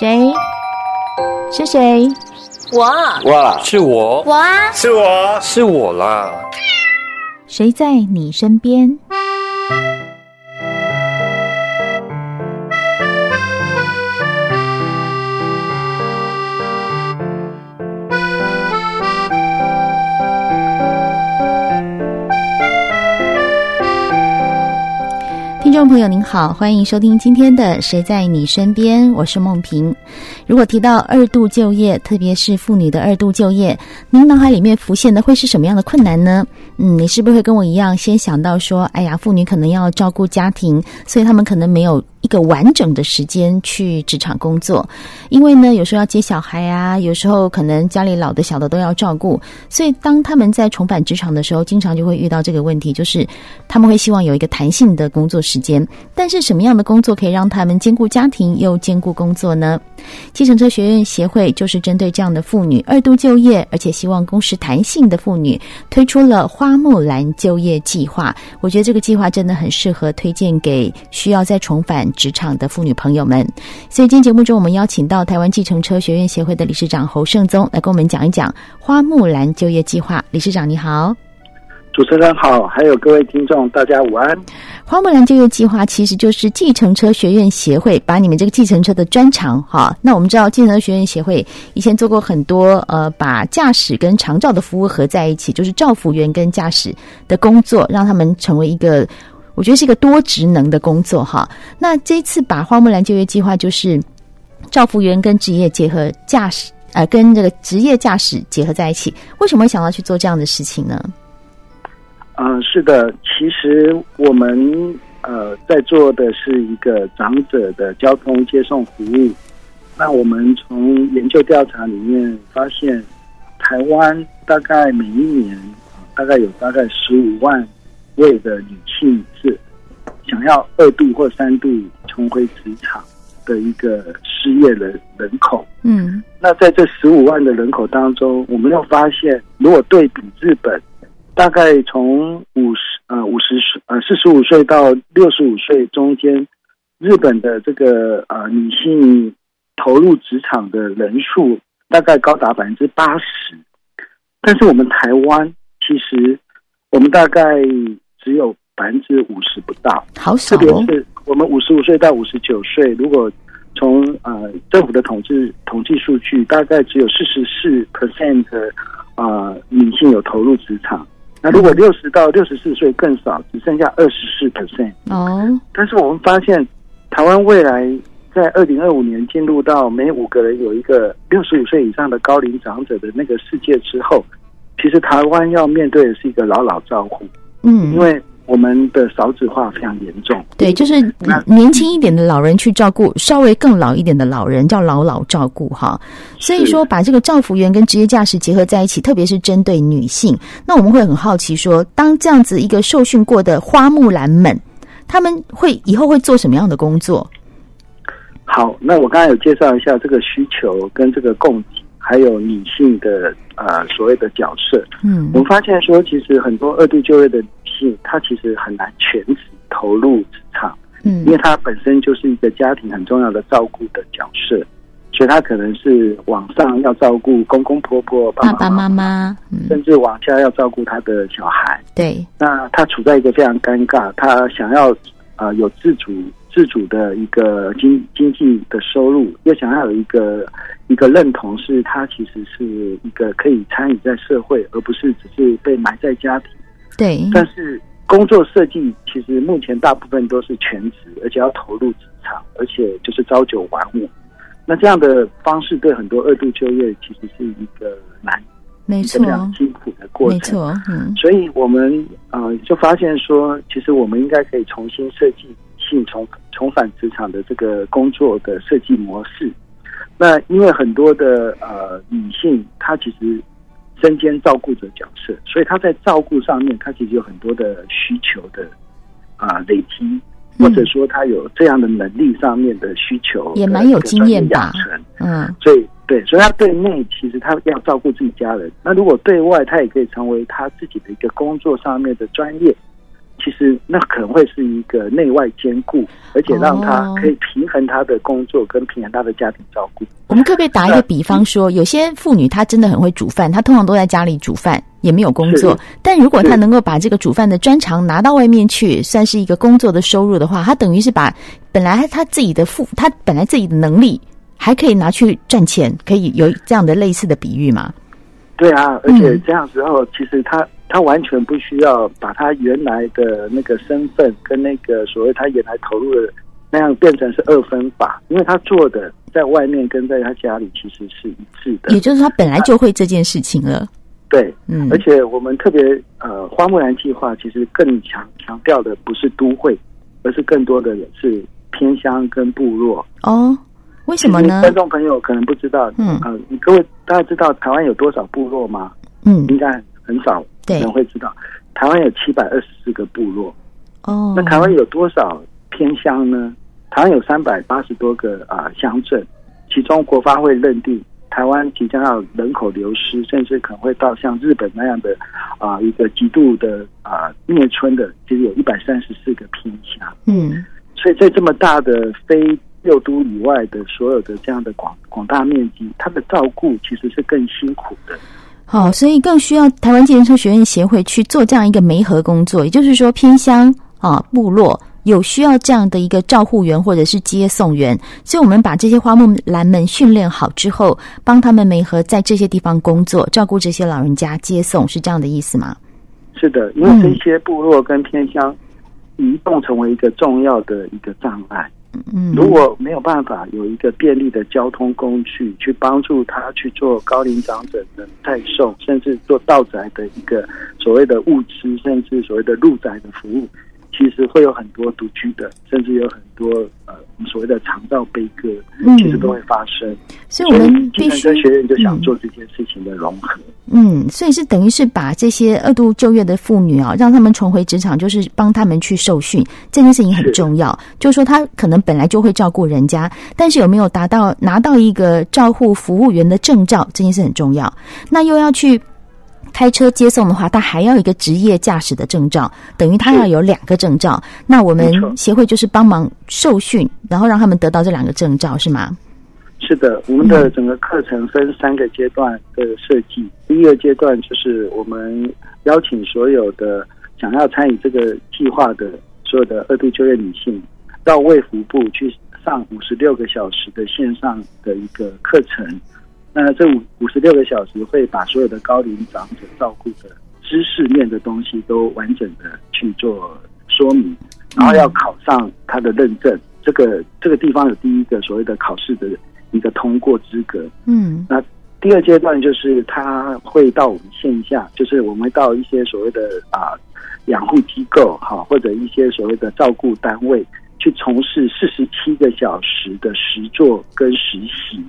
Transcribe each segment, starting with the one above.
誰？是誰？我啊，哇，是我。我啊，是我，是我啦。誰在你身邊？朋友您好，歡迎收聽今天的《誰在你身邊》，我是夢萍。如果提到二度就業，特別是婦女的二度就業，您腦海裡面浮現的會是什麼樣的困難呢？嗯，你是不是會跟我一樣先想到說，哎呀，婦女可能要照顧家庭，所以她們可能沒有。一個完整的時間去職場工作，因為呢，有時候要接小孩啊，有時候可能家裡老的小的都要照顧，所以當他們在重返職場的時候，經常就會遇到這個問題，就是他們會希望有一個彈性的工作時間。但是什麼樣的工作可以讓他們兼顧家庭又兼顧工作呢？計程車學院協會就是針對這樣的婦女二度就業，而且希望工時彈性的婦女推出了花木蘭就業計劃。我覺得這個計劃真的很適合推薦給需要再重返。職場的婦女朋友們，所以今天節目中，我們邀請到台灣計程車學院協會的理事長侯勝宗來跟我們講一講花木蘭就業計劃。理事長你好，主持人好，還有各位聽眾，大家午安。花木蘭就業計劃其實就是計程車學院協會把你們這個計程車的專長哈，那我們知道計程車學院協會以前做過很多呃，把駕駛跟長照的服務合在一起，就是照服員跟駕駛的工作，讓他們成為一個。我覺得是一個多職能的工作哈。那這一次把花木蘭就業計劃就是照服務員，跟職業結合駕駛，呃，跟這個職業駕駛結合在一起，為什麼會想要去做這樣的事情呢？啊、呃，是的，其實我們呃在做的是一個長者的交通接送服務。那我們從研究調查裡面發現，台灣大概每一年大概有大概十五萬。為的女性是想要二度或三度重回職場的一個失業人人口，嗯，那在這十五萬的人口當中，我們又發現，如果對比日本，大概從五十呃五十歲呃四十五歲到六十五歲中間，日本的這個呃女性投入職場的人數大概高達百分之八十，但是我們台灣其實我們大概。只有百分之五十不到，好少。特別是我們五十五歲到五十九歲，如果從呃政府的統計統計數據，大概只有四十四 percent 的呃女性有投入職場。那如果六十到六十四歲更少，只剩下二十四 percent 哦。但是我們發現，台灣未來在二零二五年進入到每五個人有一個六十五歲以上的高齡長者的那個世界之後，其實台灣要面對的是一個老老照護。嗯，因為我們的少子化非常嚴重、嗯。對，就是年輕一點的老人去照顧稍微更老一點的老人，叫老老照顧哈。是所以說，把這個照服員跟職業駕駛結合在一起，特別是針對女性。那我們會很好奇說，當這樣子一個受訓過的花木蘭們，她們會以後會做什麼樣的工作？好，那我剛才有介紹一下這個需求跟這個供給。還有女性的呃所謂的角色，嗯，我們發現說，其實很多二度就業的女性，她其實很難全職投入職場，嗯，因為她本身就是一個家庭很重要的照顧的角色，所以她可能是往上要照顧公公婆婆、婆媽媽、爸爸媽媽，嗯、甚至往下要照顧她的小孩，對。那她處在一個非常尷尬，她想要呃有自主。自主的一個經經濟的收入，又想要有一個一個認同，是它其實是一個可以參與在社會，而不是只是被埋在家庭。對，但是工作設計其實目前大部分都是全職，而且要投入職場，而且就是朝九晚五。那這樣的方式對很多二度就業其實是一個難、沒錯、一個非常辛苦的過程。沒錯，嗯、所以我們啊、呃，就發現說，其實我們應該可以重新設計。性重重返職場的這個工作的設計模式，那因為很多的呃女性，她其實身兼照顧者角色，所以她在照顧上面，她其實有很多的需求的啊、呃、累積，或者說她有這樣的能力上面的需求，跟一個專業養成，也蠻有經驗的嗯，所以對，所以她對內其實她要照顧自己家人，那如果對外，她也可以成為她自己的一個工作上面的專業。其實那可能會是一個內外兼顧，而且讓他可以平衡他的工作跟平衡他的家庭照顧。Oh. 我們可不可以打一個比方說，那有些婦女她真的很會煮飯，她通常都在家裡煮飯，也沒有工作。是但如果她能夠把這個煮飯的專長拿到外面去，是算是一個工作的收入的話，她等於是把本來她自己的父，她本來自己的能力還可以拿去賺錢，可以有這樣的類似的比喻嗎？對啊，而且這樣之後，嗯、其實她。他完全不需要把他原來的那個身份跟那個所謂他原來投入的那樣變成是二分法，因為他做的在外面跟在他家裡其實是一致的。也就是他本來就會這件事情了。對，嗯。而且我們特別呃、花木蘭計劃其實更強強調的不是都會，而是更多的人是偏鄉跟部落。哦，為什麼呢？觀眾朋友可能不知道，嗯，呃，你各位大家知道台灣有多少部落嗎？嗯，應該很少。可能對會知道，台灣有七百二十四個部落哦。Oh. 那台灣有多少偏鄉呢？台灣有三百八十多個啊、呃、鄉鎮，其中國發會認定台灣即將要人口流失，甚至可能會到像日本那樣的啊、呃、一個極度的啊滅村的，其實有一百三十四個偏鄉。嗯，所以在這麼大的非六都以外的所有的這樣的廣廣大面積，他的照顧其實是更辛苦的。好、哦，所以更需要台灣計程車學院協會去做這樣一個媒合工作，也就是說偏，偏鄉啊部落有需要這樣的一個照護員或者是接送員，所以我們把這些花木蘭們訓練好之後，幫他們媒合在這些地方工作，照顧這些老人家接送，是這樣的意思嗎？是的，因為這些部落跟偏鄉移動成為一個重要的一個障礙。嗯如果沒有辦法有一個便利的交通工具，去幫助他去做高齡長者的載送，甚至做到宅的一個所謂的物資，甚至所謂的入宅的服務。其實會有很多獨居的，甚至有很多呃、我們所謂的長照悲歌，嗯、其實都會發生。所以我們很多學院就想做這件事情的融合嗯。嗯，所以是等於是把這些二度就業的婦女啊、哦，讓他們重回職場，就是幫他們去受訓。這件事情很重要，是就是說他可能本來就會照顧人家，但是有沒有達到拿到一個照顧服務員的證照，這件事很重要。那又要去。開車接送的話，他還要一個職業駕駛的證照，等於他要有兩個證照。對那我們協會就是幫忙受訓，然後讓他們得到這兩個證照，是嗎？是的，我們的整個課程分三個階段的設計。嗯、第一個階段就是我們邀請所有的想要參與這個計劃的所有的二度就業女性，到衛福部去上五十六個小時的線上的一個課程。那這五五十六個小時會把所有的高齡長者照顧的知識面的東西都完整的去做說明，然後要考上他的認證，這個這個地方有第一個所謂的考試的一個通過資格。嗯，那第二階段就是他會到我們線下，就是我們到一些所謂的啊養護機構哈，或者一些所謂的照顧單位去從事四十七個小時的實作跟實習。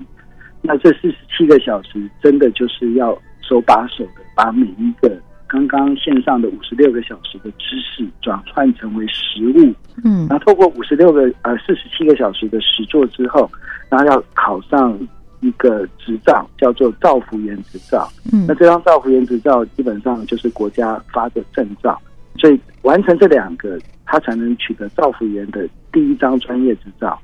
那這四十七個小時，真的就是要手把手的把每一個剛剛線上的五十六個小時的知識轉換成為實務，嗯，然後透過五十六個呃四十七個小時的實作之後，然後要考上一個執照，叫做照服員執照，嗯，那這張照服員執照基本上就是國家發的證照，所以完成這兩個，他才能取得照服員的第一張專業執照。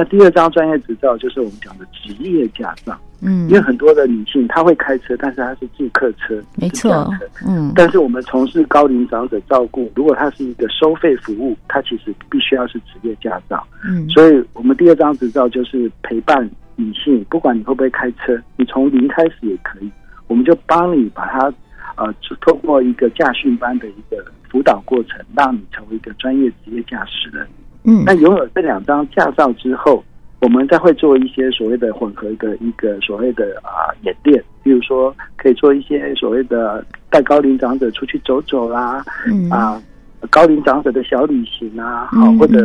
那第二張專業執照就是我們講的職業駕照，嗯，因為很多的女性她會開車，但是她是自客車，沒錯，嗯。但是我們從事高齡長者照顧，如果她是一個收費服務，她其實必須要是職業駕照，嗯。所以我們第二張執照就是陪伴女性，不管你會不會開車，你從零開始也可以，我們就幫你把它，呃，通過一個駕訓班的一個輔導過程，讓你成為一個專業職業駕駛人。嗯，那擁有這兩張駕照之後，我們再會做一些所謂的混合的一個所謂的啊演練，比如說可以做一些所謂的帶高齡長者出去走走啦、啊，嗯啊，高齡長者的小旅行啊，好、嗯、或者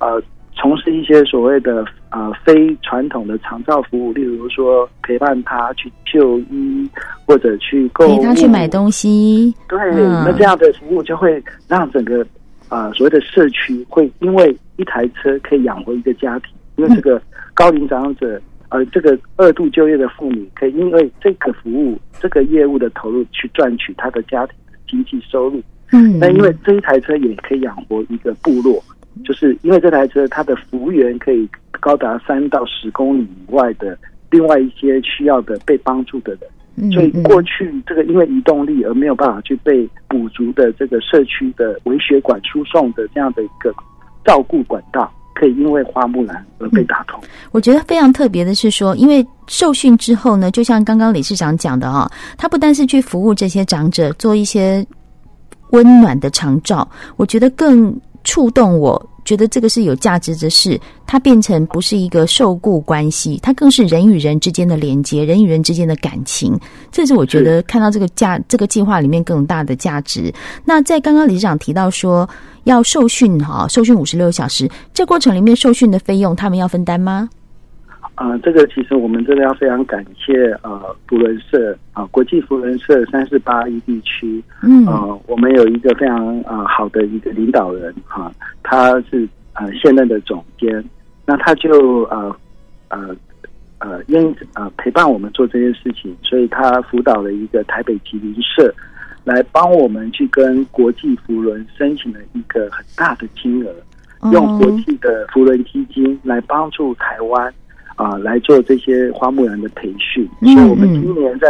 呃從事一些所謂的啊、呃、非傳統的長照服務，例如說陪伴他去就醫或者去購物，陪他去買東西，對，嗯、那這樣的服務就會讓整個。啊，所謂的社區會因為一台車可以養活一個家庭，因為這個高齡長者，而、呃、這個二度就業的婦女，可以因為這個服務、這個業務的投入去賺取她的家庭的經濟收入。嗯，嗯，那因為這一台車也可以養活一個部落，就是因為這台車，它的幅員可以高達三到十公里以外的另外一些需要的被幫助的人。所以過去這個因為移動力而沒有辦法去被補足的這個社區的微血管輸送的這樣的一個照顧管道，可以因為花木蘭而被打通、嗯。我覺得非常特別的是說，因為受訓之後呢，就像剛剛理事長講的啊、哦，他不單是去服務這些長者做一些溫暖的長照，我覺得更。觸動我，覺得這個是有價值的事，它變成不是一個受雇關係，它更是人與人之間的連接，人與人之間的感情。這是我覺得看到這個價，這個計劃裡面更大的價值。那在剛剛理事長提到說，要受訓哈，受訓五十六小時，這過程裡面受訓的費用他們要分擔嗎？啊，這個其實我們真的要非常感謝呃扶輪社啊，國際扶輪社三四八一地區，嗯啊，我們有一個非常啊好的一個領導人哈、啊，他是呃、啊、現任的總監，那他就、啊啊、呃呃呃因啊陪伴我們做這件事情，所以他輔導了一個台北麒麟社來幫我們去跟國際扶輪申請了一個很大的金額，嗯、用國際的扶輪基金來幫助台灣。啊、呃，來做這些花木蘭的培訓。那、嗯嗯、我們今年在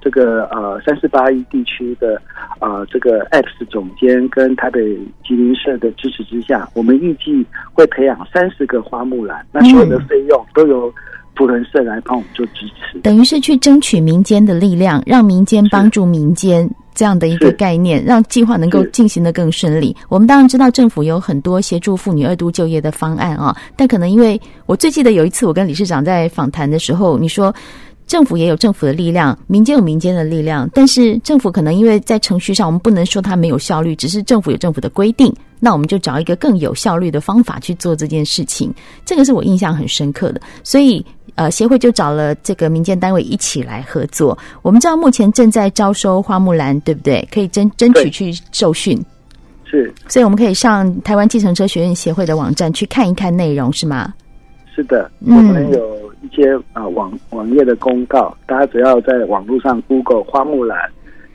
這個呃三四八一地區的啊、呃、這個 apps 總監跟台北吉林社的支持之下，我們預計會培養三十個花木蘭。嗯、那所有的費用都由扶輪社來幫我們做支持、嗯，等於是去爭取民間的力量，讓民間幫助民間，這樣的一個概念，是讓計劃能夠進行得更順利。是我們當然知道政府有很多協助婦女二度就業的方案啊，但可能因為我最記得有一次我跟理事長在訪談的時候，你說。政府也有政府的力量，民間有民間的力量，但是政府可能因為在程序上，我們不能說它沒有效率，只是政府有政府的規定，那我們就找一個更有效率的方法去做這件事情。這個是我印象很深刻的，所以呃，協會就找了這個民間單位一起來合作。我們知道目前正在招收花木蘭，對不對？可以爭爭取去受訓，是。所以我們可以上臺灣計程車學院協會的網站去看一看內容，是嗎？是的，我們有。嗯一些啊網網頁的公告，大家只要在網絡上 Google 花木蘭，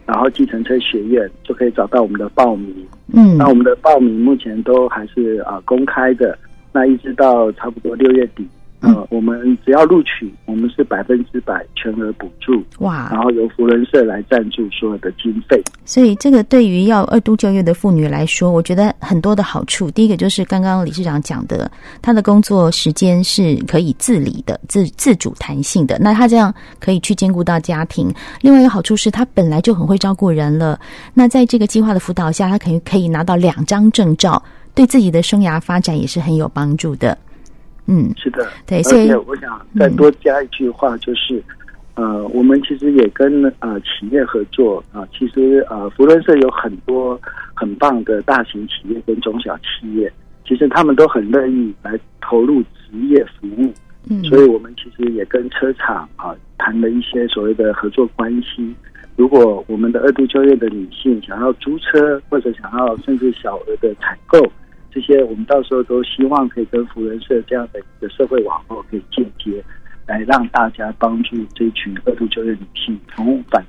然後計程車學院就可以找到我們的報名。嗯，那我們的報名目前都還是啊公開的，那一直到差不多六月底。嗯，嗯、呃，我們只要錄取，我們是百分之百全額補助。哇！然後由扶輪社來贊助所有的經費。所以，這個對於要二度就業的婦女來說，我覺得很多的好處。第一個就是剛剛理事長講的，她的工作時間是可以自理的、自自主彈性的。那她這樣可以去兼顧到家庭。另外一個好處是她本來就很會照顧人了。那在這個計劃的輔導下，她肯可，可以拿到兩張證照，對自己的生涯發展也是很有幫助的。嗯，是的，對，而且我想再多加一句話，就是，嗯、呃，我們其實也跟呃企業合作啊、呃，其實呃，扶輪社有很多很棒的大型企業跟中小企業，其實他們都很樂意來投入職業服務，嗯，所以我們其實也跟車廠啊、呃、談了一些所謂的合作關係。如果我們的二度就業的女性想要租車，或者想要甚至小額的採購。這些我們到時候都希望可以跟扶輪社這樣的一個社會網絡可以間接，來讓大家幫助這群二度就業女性從反。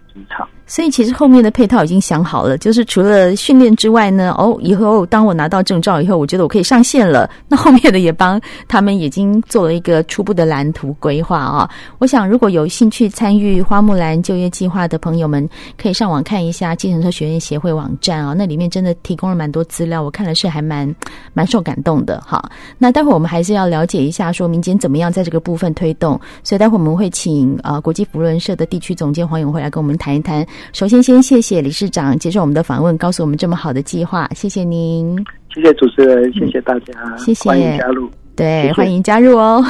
所以其實後面的配套已經想好了，就是除了訓練之外呢，哦，以後當我拿到證照以後，我覺得我可以上線了。那後面的也幫他們已經做了一個初步的藍圖規劃啊。我想如果有興趣參與花木蘭就業計劃的朋友們，可以上網看一下計程車學院協會網站啊，那裡面真的提供了蠻多資料，我看了是還蠻蠻受感動的哈。那待會兒我們還是要了解一下，說民間怎麼樣在這個部分推動。所以待會兒我們會請啊、呃、國際扶輪社的地區總監黃永輝來跟我們談。談一談，首先先謝謝理事長接受我們的訪問，告訴我們這麼好的計劃，謝謝您。謝謝主持人，謝謝大家，謝謝歡迎加入，對，謝謝歡迎加入哦，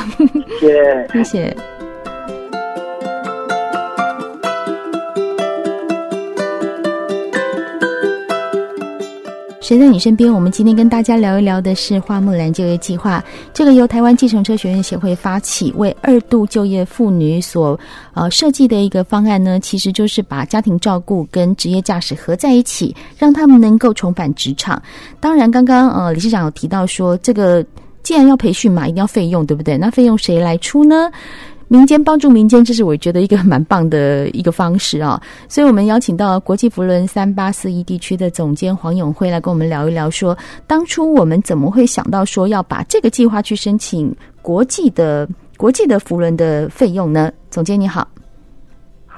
謝，謝謝。 謝謝謝謝誰在你身邊？我們今天跟大家聊一聊的是花木蘭就業計劃，這個由台灣計程車學院協會發起，為二度就業婦女所呃設計的一個方案呢，其實就是把家庭照顧跟職業駕駛合在一起，讓他們能夠重返職場。當然，剛剛呃理事長有提到說，這個既然要培訓嘛，一定要費用，對不對？那費用誰來出呢？民間幫助民間，這是我覺得一個蠻棒的一個方式啊。所以我們邀請到國際扶輪3481地區的總監黃永輝來跟我們聊一聊，說當初我們怎麼會想到說要把這個計劃去申請國際的國際的扶輪的費用呢？總監你好。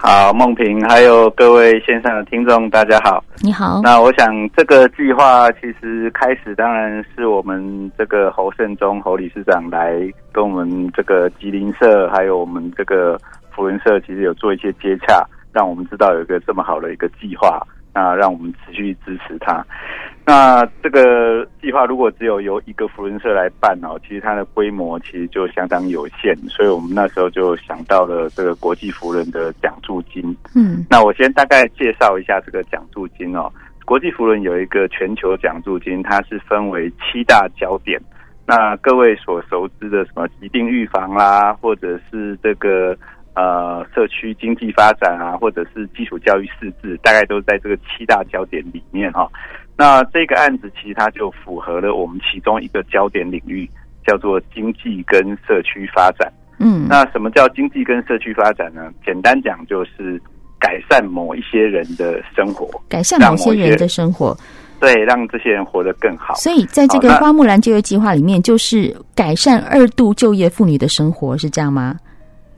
好，夢萍，還有各位線上的聽眾，大家好。你好。那我想，這個計劃其實開始當然是我們這個侯勝宗侯理事長來跟我們這個吉林社，還有我們這個福雲社，其實有做一些接洽，讓我們知道有一個這麼好的一個計劃。那讓我們持續支持它。那這個計劃如果只有由一個扶輪社來辦哦，其實它的規模其實就相當有限。所以我們那時候就想到了這個國際扶輪的獎助金。嗯，那我先大概介紹一下這個獎助金哦。國際扶輪有一個全球獎助金，它是分為七大焦點。那各位所熟知的什麼疾病預防啦，或者是這個。呃，社區經濟發展啊，或者是基礎教育識字，大概都在這個七大焦點裡面哈。那這個案子其實它就符合了我們其中一個焦點領域，叫做經濟跟社區發展。嗯，那什麼叫經濟跟社區發展呢？簡單講，就是改善某一些人的生活，改善某些人的生活，對，讓這些人活得更好。所以，在這個花木蘭就業計劃裡面，就是改善二度就業婦女的生活，是這樣嗎？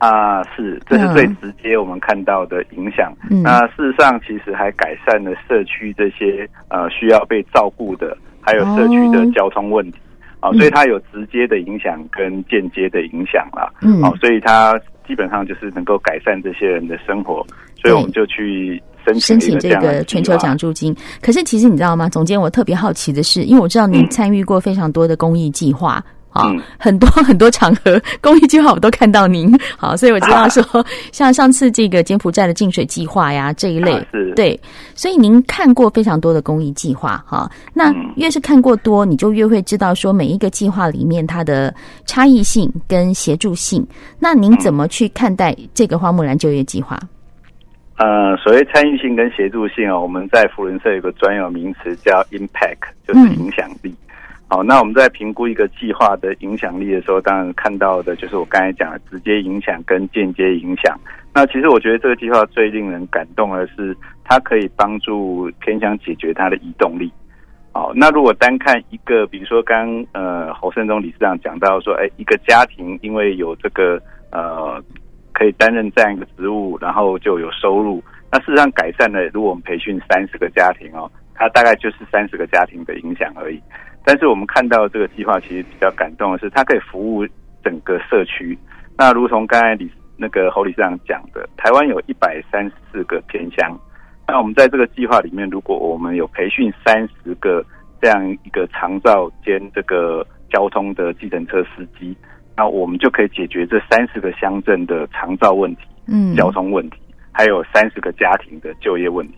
啊，是，這是最直接我們看到的影響。那、嗯嗯啊、事實上，其實還改善了社區這些呃需要被照顧的，還有社區的交通問題好、哦啊、所以它有直接的影響跟間接的影響了。嗯，好、啊、所以它基本上就是能夠改善這些人的生活。嗯、所以我們就去申請，對申請這個全球獎助金。嗯、可是，其實你知道嗎，總監？我特別好奇的是，因為我知道您參與過非常多的公益計劃。嗯啊，好嗯、很多很多場合公益計劃我都看到您，好，所以我知道說，啊、像上次這個柬埔寨的淨水計劃呀這一類，啊、是，對，所以您看過非常多的公益計劃哈，那越是看過多，嗯、你就越會知道說每一個計劃裡面它的差異性跟協助性，那您怎麼去看待這個花木蘭就業計劃？呃，所謂參與性跟協助性哦，我們在扶輪社有個專有名詞叫 impact，就是影響力。嗯好，那我們在評估一個計劃的影響力的時候，當然看到的就是我剛才講的直接影響跟間接影響。那其實我覺得這個計劃最令人感動的是，它可以幫助偏鄉解決它的移動力。好，那如果單看一個，比如說剛剛呃侯勝宗理事長講到說，哎，一個家庭因為有這個呃可以擔任這樣一個職務，然後就有收入，那事實上改善了。如果我們培訓三十個家庭哦，它大概就是三十個家庭的影響而已。但是我們看到這個計劃其實比較感動的是，它可以服務整個社區。那如同剛才李那個侯理事長講的，台灣有一百三十四個偏鄉。那我們在這個計劃裡面，如果我們有培訓三十個這樣一個長照兼這個交通的計程車司機，那我們就可以解決這三十個鄉鎮的長照問題。嗯，交通問題，還有三十個家庭的就業問題。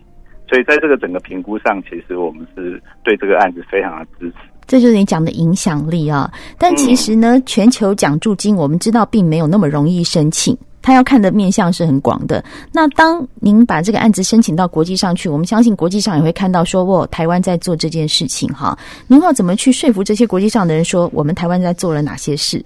所以在這個整個評估上，其實我們是對這個案子非常的支持。這就是你講的影響力啊！但其實呢，嗯、全球獎助金我們知道並沒有那麼容易申請，它要看的面向是很廣的。那當您把這個案子申請到國際上去，我們相信國際上也會看到說，喔，台灣在做這件事情哈。您要怎麼去說服這些國際上的人說，我們台灣在做了哪些事？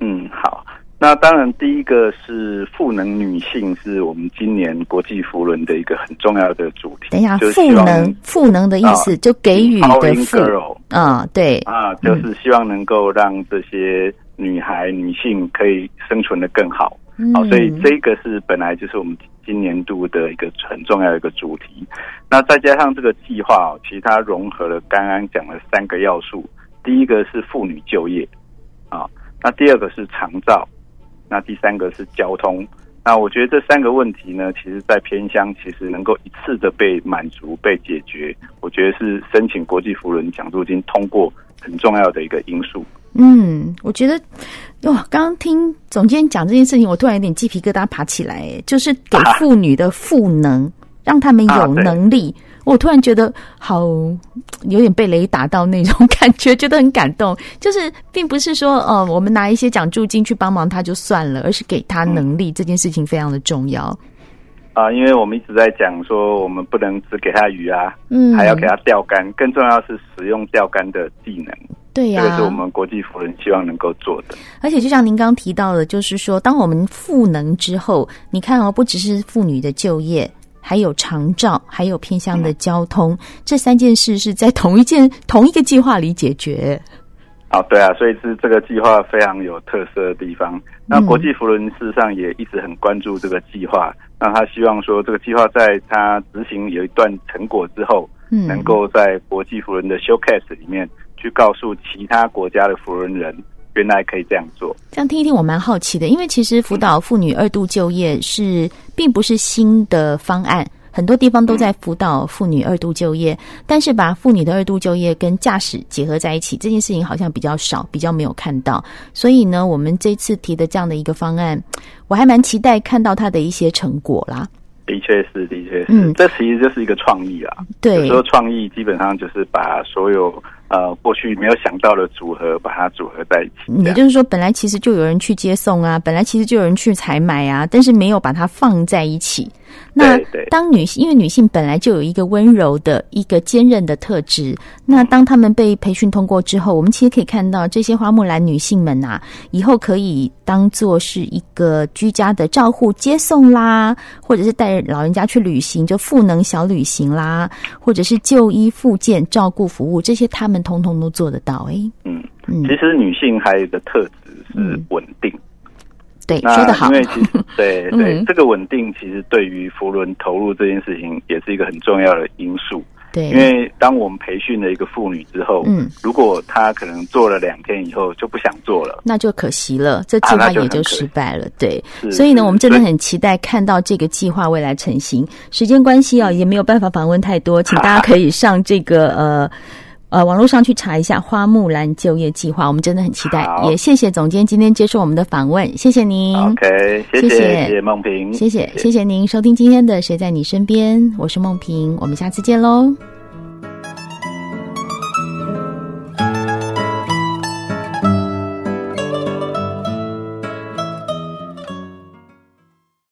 嗯，好。那當然，第一個是賦能女性，是我們今年國際扶輪的一個很重要的主題。等一下，賦能賦能的意思、啊、就給予的是，嗯 in、啊，對啊，就是希望能夠讓這些女孩、嗯、女性可以生存得更好。好、嗯啊，所以這個是本來就是我們今年度的一個很重要的一個主題。那再加上這個計劃，其實它融合了剛剛講的三個要素。第一個是婦女就業啊，那第二個是長照。那第三個是交通，那我覺得這三個問題呢，其實，在偏鄉其實能夠一次的被滿足，被解決，我覺得是申請國際扶輪獎助金通過很重要的一個因素。嗯，我覺得哇，剛剛聽總監講這件事情，我突然有點雞皮疙瘩爬起來，就是給婦女的賦能，啊、讓他們有能力。啊啊我突然覺得好，有點被雷打到那種感覺，覺得很感動。就是，並不是說，呃，我們拿一些獎助金去幫忙他就算了，而是給他能力，嗯、這件事情非常的重要。啊，因為我們一直在講說，我們不能只給他魚啊，嗯，還要給他釣竿，更重要是使用釣竿的技能。對呀、啊，這個是我們國際扶輪希望能夠做的。嗯、而且，就像您剛剛提到的，就是說，當我們賦能之後，你看哦，不只是婦女的就業。還有長照，還有偏鄉的交通，嗯、這三件事是在同一件同一個計劃裡解決。好、啊、對啊，所以是這個計劃非常有特色的地方。嗯、那國際扶輪事實上也一直很關注這個計劃，那他希望說這個計劃在他執行有一段成果之後，嗯，能夠在國際扶輪的 showcase 裡面去告訴其他國家的扶輪人，人。原來可以這樣做，這樣聽一聽，我蠻好奇的，因為其實輔導婦女二度就業是、嗯、並不是新的方案，很多地方都在輔導婦女二度就業，嗯、但是把婦女的二度就業跟駕駛結合在一起，這件事情好像比較少，比較沒有看到。所以呢，我們這次提的這樣的一個方案，我還蠻期待看到它的一些成果啦。的確是，的確是，嗯，這其實就是一個創意啦。對，有時候創意基本上就是把所有。呃、啊，過去沒有想到的組合，把它組合在一起。也就是說，本來其實就有人去接送啊，本來其實就有人去採買啊，但是沒有把它放在一起。那當女性，對對，因為女性本來就有一個溫柔的一個堅韌的特質，嗯、那當她們被培訓通過之後，我們其實可以看到這些花木蘭女性們啊，以後可以當做是一個居家的照護、接送啦，或者是帶老人家去旅行，就賦能小旅行啦，或者是就醫復健照顧服務，這些她們通通都做得到誒、欸。嗯嗯，嗯其實女性還有一個的特質是穩定。嗯對，那說得好。因為其實對對，對嗯嗯這個穩定其實對於扶輪投入這件事情也是一個很重要的因素。對，因為當我們培訓了一個婦女之後，嗯，如果她可能做了兩天以後就不想做了，那就可惜了，這計劃也就失敗了。啊、對，是所以呢，我們真的很期待看到這個計劃未來成型。時間關係啊，也沒有辦法訪問太多，請大家可以上這個、啊、呃。呃，網絡上去查一下《花木蘭就業計劃》，我們真的很期待。好也謝謝總監今天接受我們的訪問，謝謝您。OK，謝謝，謝謝夢萍，謝謝，謝謝您收聽今天的《誰在你身邊》，我是夢萍，我們下次見嘍。